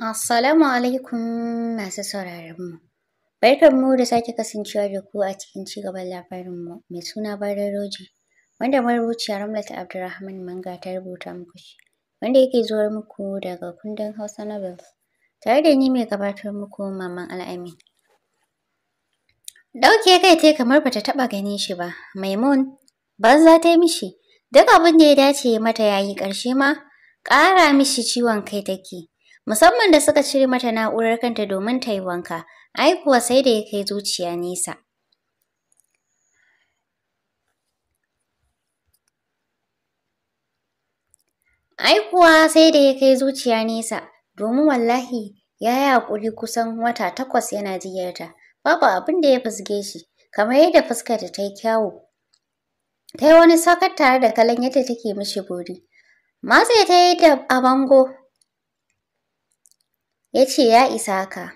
Assalamu alaikum masu saurarenmu. mu da sake kasancewa da ku a cikin cigaban mu mai suna Barin Roji, wanda marubuciya Ramlat Abdulrahman Manga ta rubuta muku shi, wanda yake zuwar muku daga kundin Hausa Novels, tare da ni mai gabatar muku Maman Al'amin. Ɗauke kai tai kamar bata taɓa gani shi ba, Maimun, banza ta yi mishi, duk abin da ya dace mata ya yi ƙarshe ma, ƙara mishi ciwon kai take. musamman da suka cire mata na'urar kanta domin ta yi wanka, ai kuwa sai da ya kai zuciya nesa. Ai kuwa sai da ya kai zuciya nesa, domin wallahi ya yi haƙuri kusan wata takwas yana jiyarta, babu abin da ya fusge shi, kamar yadda fuskarta ta yi kyawu. Ta yi wani sakar tare da kalan yadda take mishi buri. Matse ta yi da a bango ya ce ya isa ka.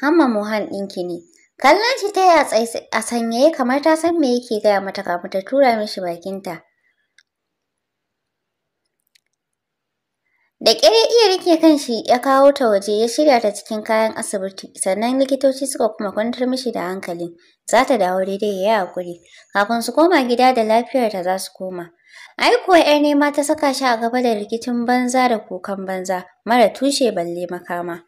Hamma Mohan ɗinki ne. Kallon shi ta yatsa a sanyaye kamar ta san me yake gaya mata kafin ta tura mishi bakinta. Da ƙyar iya rike kan shi ya kawo ta waje ya shirya ta cikin kayan asibiti sannan likitoci suka kuma kwantar mishi da hankali za ta dawo daidai ya yi haƙuri kafin su koma gida da lafiyarta za su koma. Ai kuwa ‘yar nema ta saka shi a gaba da rikicin banza da kukan banza mara tushe balle makama.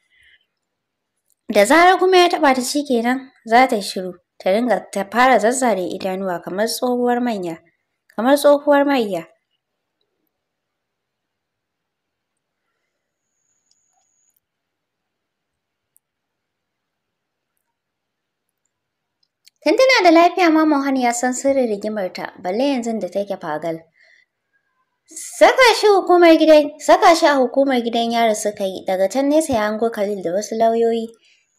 Da zarar kuma ya taɓa ta shi kenan za ta shiru ta ringa ta fara zazzare idanuwa kamar tsohuwar manya. Kamar tsohuwar manya. Tun tana da lafiya ma Mohan ya san sirrin rigimarta, balle yanzu da take fagal. Saka shi hukumar gidan saka shi a hukumar gidan yari suka yi daga can nesa ya hango Khalil da wasu lauyoyi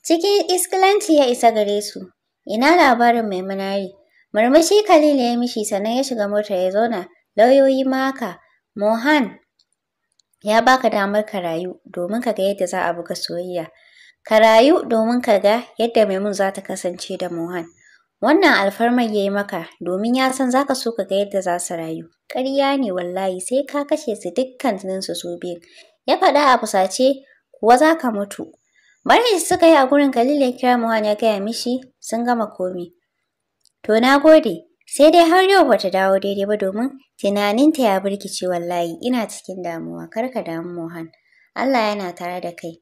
cikin iskilanci ya isa gare su ina labarin mai munari murmushi Khalil ya mishi sannan ya shiga motar ya zauna lauyoyi maka Mohan ya baka damar ka rayu domin ka ga yadda za a buga soyayya ka rayu domin ka ga yadda Maimun za ta kasance da Mohan wannan alfarmar ya yi maka domin ya san za ka so ka ga yadda za su rayu. Karya ne wallahi sai ka kashe su dukkan dukkaninsu su biyun. Ya faɗa a fusace kuwa za ka mutu. Barin suka yi a gurin Khalil ya kira Mohan ya gaya mishi sun gama komi. To na gode, sai dai har yau bata dawo daidai ba domin tunaninta ya birkice wallahi ina cikin damuwa kar ka damu Mohan. Allah yana tare da kai.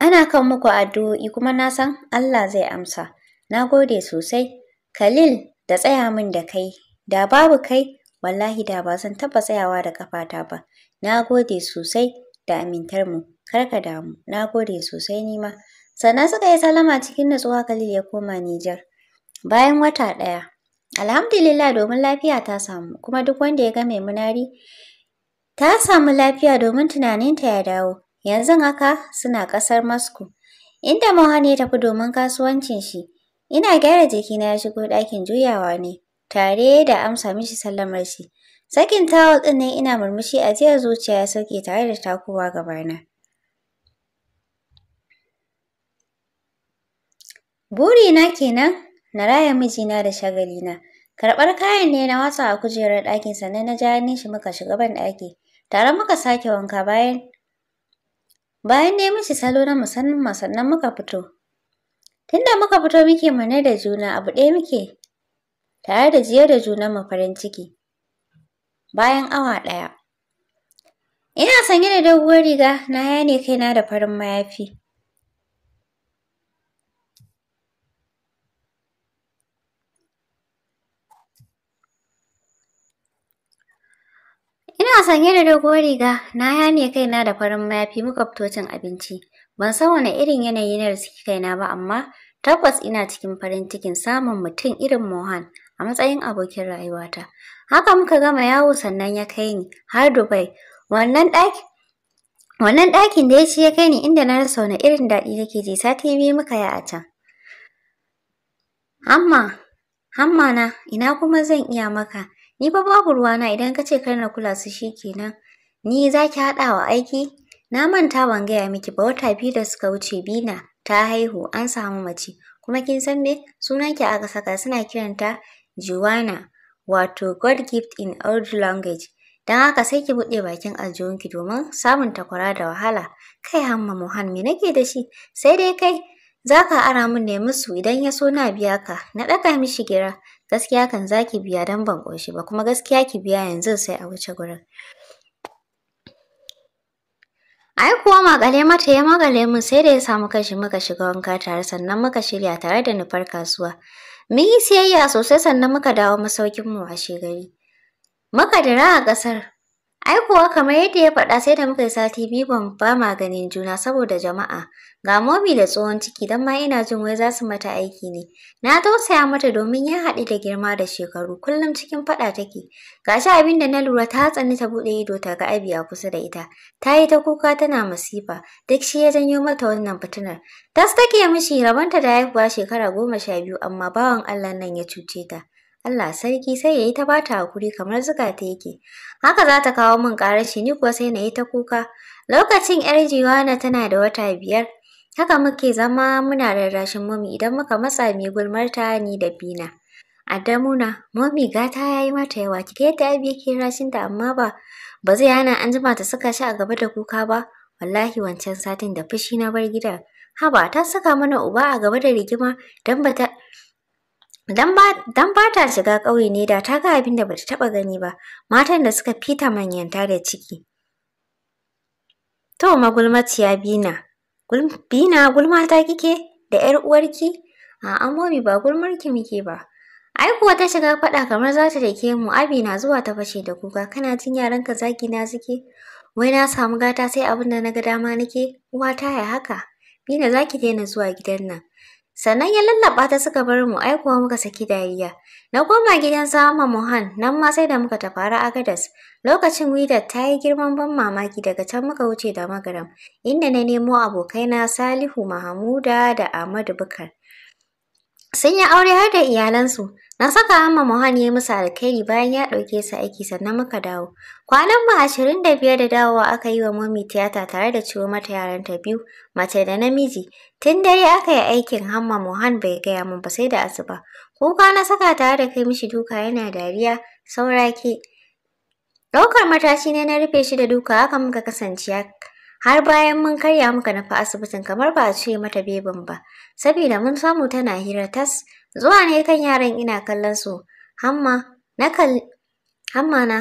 Ana kan muku addu'o'i kuma na san Allah zai amsa. Na gode sosai. Khalil, da tsaya min da kai. Da babu kai, wallahi da ba zan taɓa tsayawa da ƙafata ba. Na gode sosai da amintar mu. Kar ka damu. Na gode sosai ni ma. Sannan suka yi salama cikin nutsuwa Khalil ya koma Nijar. Bayan wata ɗaya, alhamdulillah domin lafiya ta samu, kuma duk wanda ya ga mai munari ta samu lafiya domin tunaninta ya dawo. Yanzu haka suna ƙasar Moscow, inda Mohan ya tafi domin kasuwancin shi. Ina gyara jikina ya shigo ɗakin juyawa ne, tare da amsa mishi sallamar shi. Sakin tawul ɗin ina murmushi a jiya zuciya ya sauke tare da takowa gabana. Burina kenan na raya mijina da shagalina. Karɓar kayan ne na watsa a kujerar ɗakin sannan na ja hannun shi muka shiga ban ɗaki. Tare muka sake wanka bayan bayan ne mishi salo na musamman sannan muka fito. Tunda muka fito muke mane da juna abu ɗaya muke tare da jiye da junan mu farin ciki. Bayan awa ɗaya. Ina sanye da doguwar riga na yane kaina da farin mayafi. Ina sanye da doguwar riga na yane kaina da farin mayafi muka fito cin abinci. Ban san wani irin yanayi na riski kaina ba amma tabbas ina cikin farin cikin samun mutum irin Mohan a matsayin abokin rayuwata. Haka muka gama yawo sannan ya kai ni har Dubai. Wannan ɗaki Wannan ɗakin da ya ci ya kai ni inda na rasa wani irin daɗi nake ji sati biyu muka yi a can. Amma, amma na, ina kuma zan iya maka, ni fa babu ruwana idan ka ce kar na kula su shi kenan, ni za ki haɗa wa aiki? Na manta ban gaya miki ba wata biyu da suka wuce Bina ta haihu an samu mace. Kuma kin san me sunanki aka saka suna kiranta Juwana wato God gift in old language. Don haka sai ki buɗe bakin aljihunki domin samun takwara da wahala. Kai hamma Mohan me nake da shi? Sai dai kai za ka ara min ne musu idan ya so na biya ka na ɗaga mishi gira. Gaskiya kan za ki biya don ban ƙoshi ba kuma gaskiya ki biya yanzu sai a wuce gurin. Ai kuwa makale mata ya makale mun sai da ya samu kashi muka shiga wanka tare sannan muka shirya tare da nufar kasuwa. Mun yi siyayya sosai sannan muka dawo mu a gari. Muka dira a ƙasar. Ai kuwa kamar yadda ya faɗa sai da muka yi sati biyu ban ba maganin juna saboda jama'a. Ga momi da tsohon ciki don ma ina jin wai za su mata aiki ne. Na tausaya mata domin ya haɗu da girma da shekaru kullum cikin faɗa take. Ga shi abin da na lura ta tsani ta buɗe ido ta ga abi a kusa da ita. Ta yi ta kuka tana masifa duk shi ya janyo mata wannan fitinar. Tas take mishi rabonta da haihuwa shekara goma sha biyu amma bawan Allah nan ya cuce ta. Allah sarki sai ya yi ta bata hakuri kamar zuga ta yake. Haka za ta kawo min ƙarashi ni kuwa sai na yi ta kuka. Lokacin ‘yar Jiwana tana da wata biyar, Haka muke zama muna rarrashin mami idan muka matsa mai gulmarta ni da bina. Adamuna, mami gata ya yi mata yawa, kika yadda abi yake rashinta amma ba ba zai hana an jima ta saka shi a gaba da kuka ba. Wallahi wancan satin da fushi na bar gidan. Haba ta saka mana uba a gaba da rigima don ba ta Dan ba ta shiga ƙauye ne da ta ga abin da bata taɓa gani ba, matan da suka fita manyanta da ciki. To magulmaciya Bina, Bina gulma ta kike da ‘yar uwarki? A'a amobi ba gulmarki muke ba. Ai kuwa ta shiga faɗa kamar za ta dake mu, Abi na zuwa ta fashe da kuka, kana jin ka zaki na suke? Wai na samu gata sai abin da na ga dama nake, Uwata ta ya haka? Bina za ki daina zuwa gidan nan. Sannan ya lallaɓa ta suka bar mu ai kuwa muka saki dariya. Na koma gidan sama Mohan nan ma sai da muka tafara Agadas. Lokacin widar ta yi girman ban mamaki daga can muka wuce da magaram inda na nemo abokaina Salihu Mahamuda da Ahmadu Bukar. Sun yi aure har da iyalansu. Na saka Amma Mohan ya musu alkhairi bayan ya ɗauke sa aiki sannan muka dawo. Kwanan mu ashirin da biyar da dawowa aka yi wa mummy tiyata tare da ciwo mata yaran ta biyu, mace da namiji. Tun dare aka yi aikin Hamma Mohan bai gaya mun ba sai da asuba. Kuka na saka tare da kai mishi duka yana dariya, saura Ɗaukar matashi ne na rufe shi da duka haka muka kasance har bayan mun karya muka nufa asibitin kamar ba a ce mata beban ba, saboda mun samu tana hira tas. Zuwa ne kan yaran ina kallon su, hamma na kalli hamma na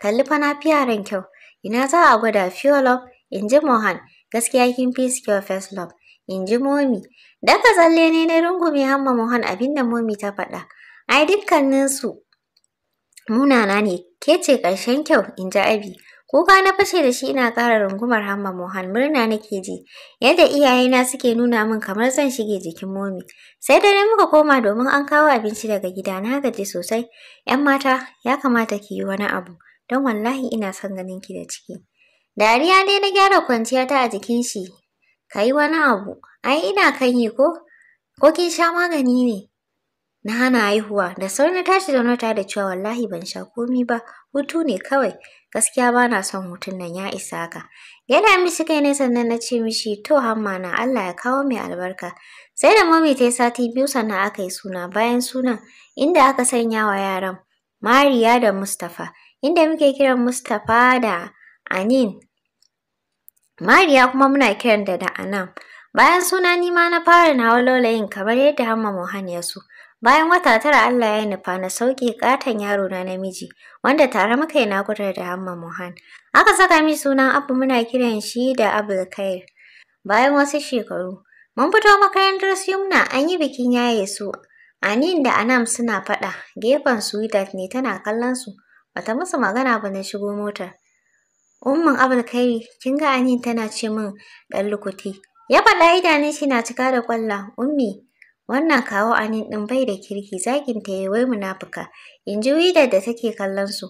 kalli fa na fi yaran kyau. Ina za a gwada fuel in ji Mohan, gaskiya kin fi secure first love in ji Momi. Daga tsalle ne na rungume hamma Mohan da Momi ta faɗa. Ai dukkaninsu munana ne, ke ce ƙarshen kyau in ji Abi. Kuka na fashe da shi ina ƙara rungumar Hamma Mohan murna nake ji, yadda iyayena suke nuna min kamar zan shige jikin momi. Sai da dare muka koma domin an kawo abinci daga gida na gaji sosai. ‘Yan mata, ya kamata ki yi wani abu, don wallahi ina son ganin ki da ciki. Dariya ne na gyara kwanciya ta a jikin shi. Ka yi wani abu, ai ina kan yi ko? Ko kin sha magani ne? Na hana haihuwa, da sauri na tashi da nota da cewa wallahi ban sha komi ba, hutu ne kawai. Gaskiya ba na son hutun nan ya isa ka. Yana mishi kai ne sannan na ce mishi to hamma na Allah ya kawo mai albarka. Sai da mami ta yi sati biyu sannan aka yi suna bayan sunan inda aka sanya wa yaran Mariya da Mustapha inda muke kiran Mustapha da Anin. Mariya kuma muna kiran da da Anam. Bayan suna ni ma na fara na walolayin kamar yadda Hamma Mohan ya so. Bayan wata tara Allah ya nufa na sauke katon yaro na namiji wanda tare muka yi nakutar da Hamma Mohan. Aka saka min sunan Abu muna kiran shi da Abul Khair. Bayan wasu shekaru, mun fito makarantar Yumna an yi bikin yaye su. Anin da Anam suna faɗa, gefen Sweetheart ne tana kallon su. Bata musu magana ba na shigo motar. Umman Abul kin ga Anin tana ce min ɗan lukuti. Ya faɗa idanun shi na cika da kwalla, Ummi, Wannan kawo anin ɗin bai da kirki zagin ta yi wai munafuka. In ji widar da take kallon su.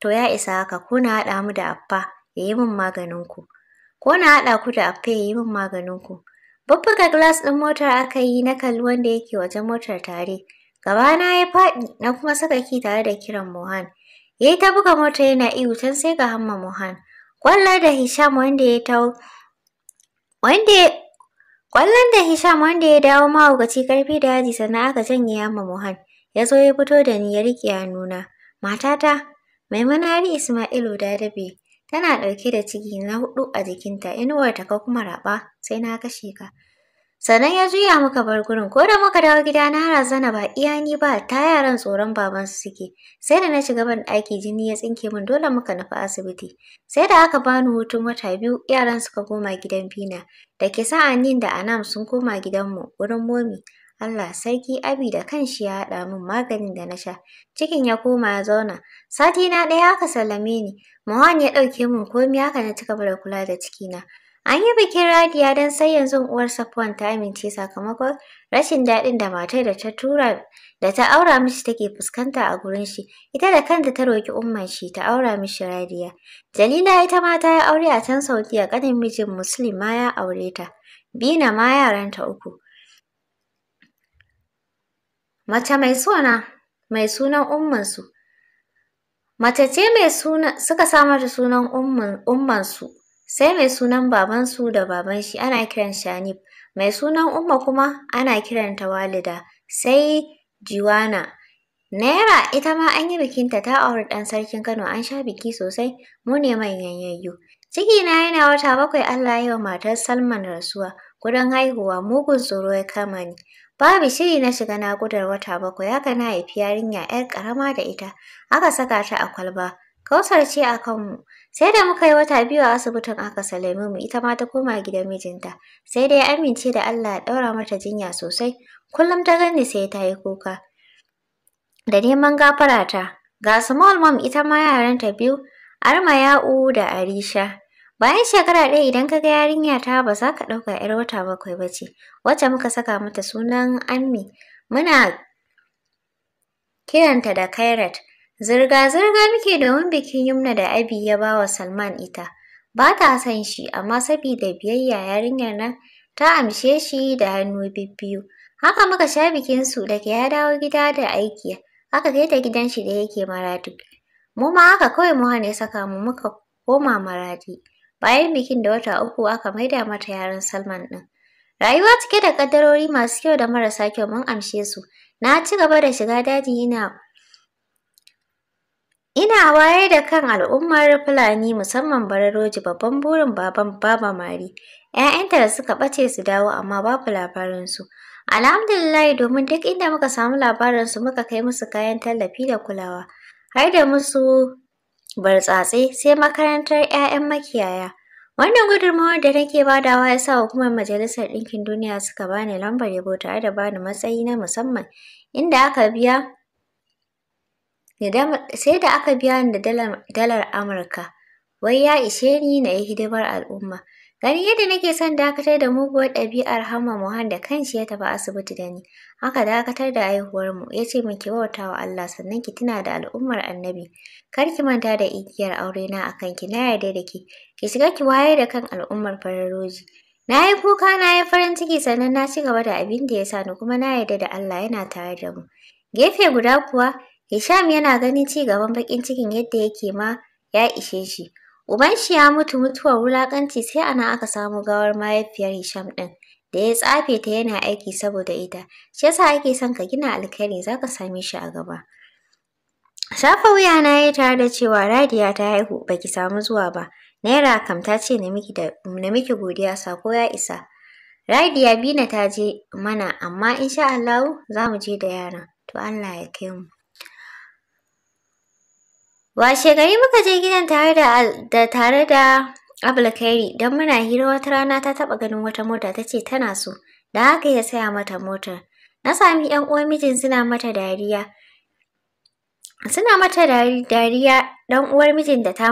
To ya isa haka ko na haɗa mu da affa ya yi min maganin ku. Ko na haɗa ku da affa ya yi maganin ku. Bubbuga glass ɗin motar aka yi na kalli wanda yake wajen motar tare. Gaba na ya faɗi na kuma saka ki tare da kiran Mohan. Ya yi ta buga mota yana ihu can sai ga hamma Mohan. Kwallar da Hisham wanda ya tau wanda Ƙwallon da Hisham wanda ya dawo mahaukaci ƙarfi da yaji sannan aka janye ma Mohan. Ya zo ya fito da ni ya riƙe hannuna. Matata, Maimuna Hari Ismailu Dadabe, tana ɗauke da ciki na huɗu a jikinta, inuwarta ka kuma raɓa sai na kashe ka. Sannan ya juya muka bar gurin ko da muka dawo gida na zana ba iya ni ba ta yaran tsoron babansu suke. Sai da na shiga ban ɗaki jini ya tsinke min dole muka nufi asibiti. Sai da aka bani hutun wata biyu yaran suka koma gidan Fina. Da ke sa'anin da Anam sun koma gidanmu wurin momi. Allah sarki abi da kan shi ya haɗa min maganin da na sha. Cikin ya koma ya zauna. Sati na ɗaya aka sallame ni. Mohan ya ɗauke min komi haka na ci gaba da kula da cikina. An yi bikin Radiya don sai yanzu uwar Safwan ta amince sakamakon rashin daɗin da matar da ta tura da ta aura mishi take fuskanta a gurin shi. Ita da kanta ta roki umman shi ta aura mishi Radiya. Jalila ita ma ta yi aure a can a ƙanin mijin Muslim ma ya aure ta. Bina ma yaranta uku. Mace mai suna mai sunan ummansu. Mace ce mai suna suka samar da sunan umman ummansu. sai mai sunan babansu da baban shi ana kiran shanib mai sunan Umma kuma ana kiranta Walida, sai Jiwana. Naira ita ma an yi bikinta ta auri ɗan sarkin Kano an sha biki sosai, mu ne manyan yayyu. Cikina yana wata bakwai Allah ya wa matar Salman rasuwa, gudan haihuwa mugun tsoro ya kama ni. Babu shiri na shiga naƙudar wata bakwai haka na haifi yarinya 'yar ƙarama da ita, aka saka ta a kwalba. Kausar ce a kanmu. Sai da muka yi wata biyu a asibitin aka salame mu ita ma ta koma gidan mijinta. Sai dai amince da Allah ya ɗaura mata jinya sosai. Kullum ta gani sai ta yi kuka. Da neman gafara ta. Ga small mom ita ma yaranta biyu, Arma Ya'u da Arisha. Bayan shekara ɗaya idan ka ga yarinya ta ba za ka ɗauka 'yar wata bakwai ba ce, wacce muka saka mata sunan Ammi. Muna kiranta da Kairat. Zirga-zirga muke domin bikin Yumna da Abi ya ba wa Salman ita. Ba ta san shi, amma saboda biyayya yarinyar nan ta amshe shi da hannu bibbiyu. Haka muka sha bikin su da ya dawo gida da aiki. Aka kai ta gidan shi da yake maradi. Mu ma haka kawai mu ya saka mu muka koma maradi. Bayan bikin da wata uku aka maida mata yaran Salman ɗin. Rayuwa cike da ƙaddarori masu kyau da marasa kyau mun amshe su. Na ci gaba da shiga daji ina Ina wayar da kan al'ummar Fulani musamman Bararoji babban burin baban Baba Mari. ‘Ya'yanta da suka ɓace su dawo amma babu labarinsu. Alhamdulillah domin duk inda muka samu labarinsu muka kai musu kayan tallafi da kulawa. Har da musu burtsatse sai makarantar ‘ya'yan makiyaya. Wannan gudunmawar da nake badawa ya sa hukumar Majalisar Ɗinkin Duniya suka bani lambar yabo tare da bani matsayi na musamman inda aka biya sai da aka biya ni da dalar Amurka, wai ya ishe ni na yi hidimar al'umma. Gani yadda nake son dakatar da muguwar ɗabi'ar Hamma Mohan da kanshi ya tafi asibiti da ni, aka dakatar da haihuwarmu, ya ce min ki bauta wa Allah sannan ki tuna da al'ummar annabi, kar ki manta da igiyar aure na a kanki, na yarda da ki, ki shiga ki wayar da kan al'ummar farar roji. Na yi kuka na yi farin ciki sannan na ci gaba da abin da ya sani kuma na yarda da Allah yana tare da mu. Gefe guda kuwa Hisham yana ganin ci gaban baƙin cikin yadda yake ma ya ishe shi. Uban shi ya mutu mutuwar wulakanci, sai ana aka samu gawar mahaifiyar Hisham ɗin da ya tsafe ta yana aiki saboda ita. Shi yasa ake son ka gina alkhairi za ka same shi a gaba. Shafa wuya na yi tare da cewa Radiya ta haihu baki samu zuwa ba. Naira kam ta ce na miki godiya sako ya isa. Radiya Bina ta je mana amma insha Allahu za mu je da yaran. To Allah ya kai mu. Washe gari muka je gidan tare da tare da Abulkairi don muna hira wata rana ta taba ganin wata mota ta ce tana so, da haka ya saya mata motar. Na sami ‘yan uwan mijin suna mata dariya. Suna mata dariya ɗan uwar mijin da ta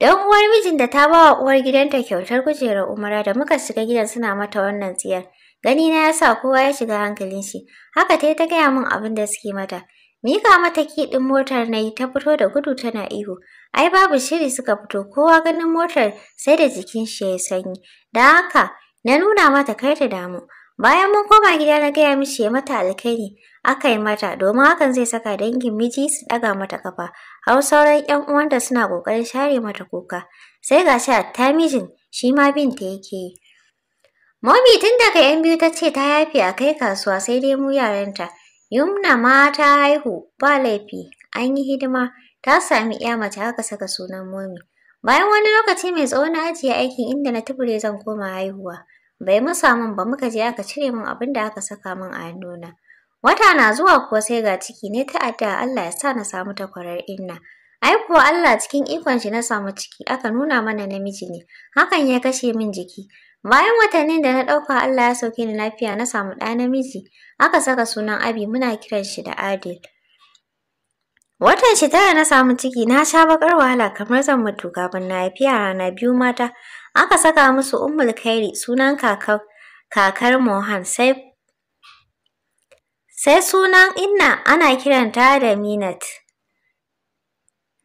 Dan uwar mijin da ta ba uwar gidanta kyautar kujerar umara da muka shiga gidan suna mata wannan tsiyar. Gani na yasa kowa ya shiga hankalin shi. Haka tai ta gaya min abin da suke mata. Mika mata ki ɗin motar na yi ta fito da gudu tana ihu. Ai babu shiri suka fito kowa ganin motar sai da jikin shi ya sanyi. Da haka na nuna mata kar ta damu. Bayan mun koma gida na gaya mishi ya mata alkhairi aka yi mata domin hakan zai saka dangin miji su ɗaga mata kafa. Har sauran 'yan uwanta suna ƙoƙarin share mata kuka. Sai ga shi ta mijin shi ma bin ta yake yi. Momi tun daga 'yan biyu ta ce ta yafe a kai kasuwa sai dai mu yaranta. Yumna ma ta haihu ba laifi an yi hidima ta sami iya mace aka saka sunan momi. Bayan wani lokaci mai tsawo na ajiye aikin inda na tubure zan koma haihuwa. Bai musa min ba muka je aka cire min abin da aka saka min a hannuna. Wata na zuwa kuwa sai ga ciki ne ta addu'a Allah ya sa na samu takwarar inna. Ai kuwa Allah cikin ikon shi na samu ciki aka nuna mana namiji ne. Hakan ya kashe min jiki. Bayan watanni da na ɗauka Allah ya sauke ni lafiya na samu ɗa namiji. Aka saka sunan Abi muna kiran shi da Adil. Watan shi tara na samu ciki na sha bakar wahala kamar zan mutu kafin na haifi yara na biyu mata. Aka saka musu Ummul Khairi sunan kakar kakar Mohan sai sai sunan Inna ana kiranta da Minat.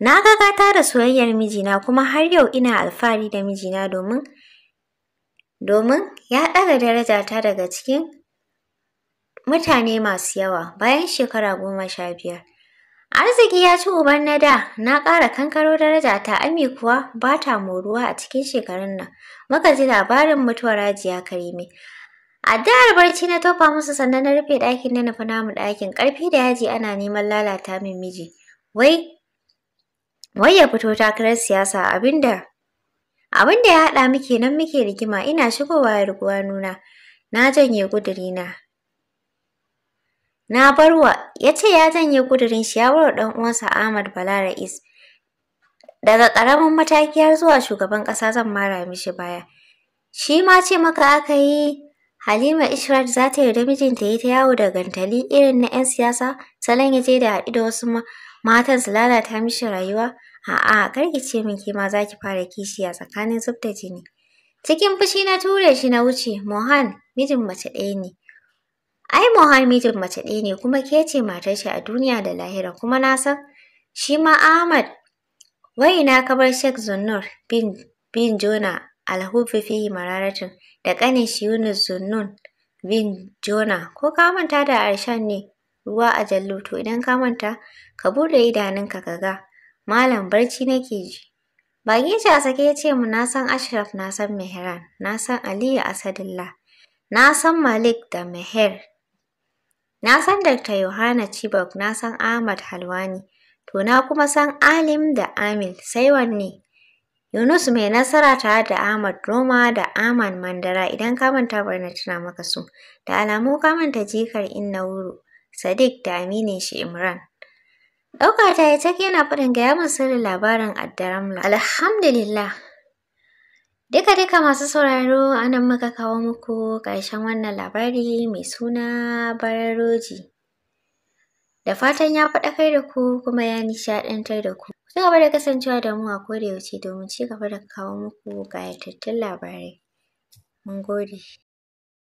Na ga gata da soyayyar mijina kuma har yau ina alfahari da mijina domin domin ya ɗaga darajata daga cikin mutane masu yawa bayan shekara goma sha biyar. Arziki ya ci uban na da, na ƙara kankaro daraja ta, Ami kuwa ba ta moruwa a cikin shekarun nan. Muka ji labarin mutuwar Hajiya Karime. A da'ar barci na tofa musu sannan na rufe ɗakin na nufi namu ɗakin ƙarfi da yaji ana neman lalata min miji. Wai wai ya fito takarar siyasa abinda abinda ya haɗa muke nan muke rigima ina shigowa ya ruguwa nuna na janye ƙudurina na barwa ya ya janye gudurin shi ya ɗan uwansa Ahmad Bala Ra'is daga ƙaramin matakiyar zuwa shugaban ƙasa zan mara mishi baya shi ma ce maka aka yi Halima Ishrat za ta yarda mijinta yi ta yawo da gantali irin na 'yan siyasa salon ya je da haɗu da wasu matan su lalata mishi rayuwa a'a kar ki ce min kima za ki fara kishi a tsakanin zub da jini cikin fushi na ture shi na wuce mohan mijin mace ɗaya ne ai mohan mijin mace ɗaya ne kuma ke ce matar shi a duniya da lahira kuma na san shi ma ahmad wai na kamar sheikh zunnur bin bin jona alhufi fihi mararatin da ƙanin shi yunus zunnun bin jona ko ka manta da arshan ne ruwa a jallo to idan ka manta ka buɗe idanunka ka ga malam barci nake ji Bagija a sake yace mu na san Ashraf na san Mehran na san Aliyu Asadullah na san Malik da Meher na san Dr. Yohana Chibok na san Ahmad Halwani to na kuma san Alim da Amil sai wanne Yunus mai nasara tare da Ahmad Roma da Aman Mandara idan ka manta bari na tuna maka su da alamu ka manta jikar Inna wuru Sadiq da Aminu shi Imran. Ɗauka ta yi take yana faɗin gaya min sirrin labarin Adaramla. Alhamdulillah. Duka-duka masu sauraro anan muka kawo muku ƙarshen wannan labari mai suna Bararoji. Da fatan ya faɗa kai da ku kuma ya nishaɗantar da ku. Ku gaba da kasancewa da mu a koda yaushe domin ci gaba da kawo muku ƙayatattun labarai. Mun gode.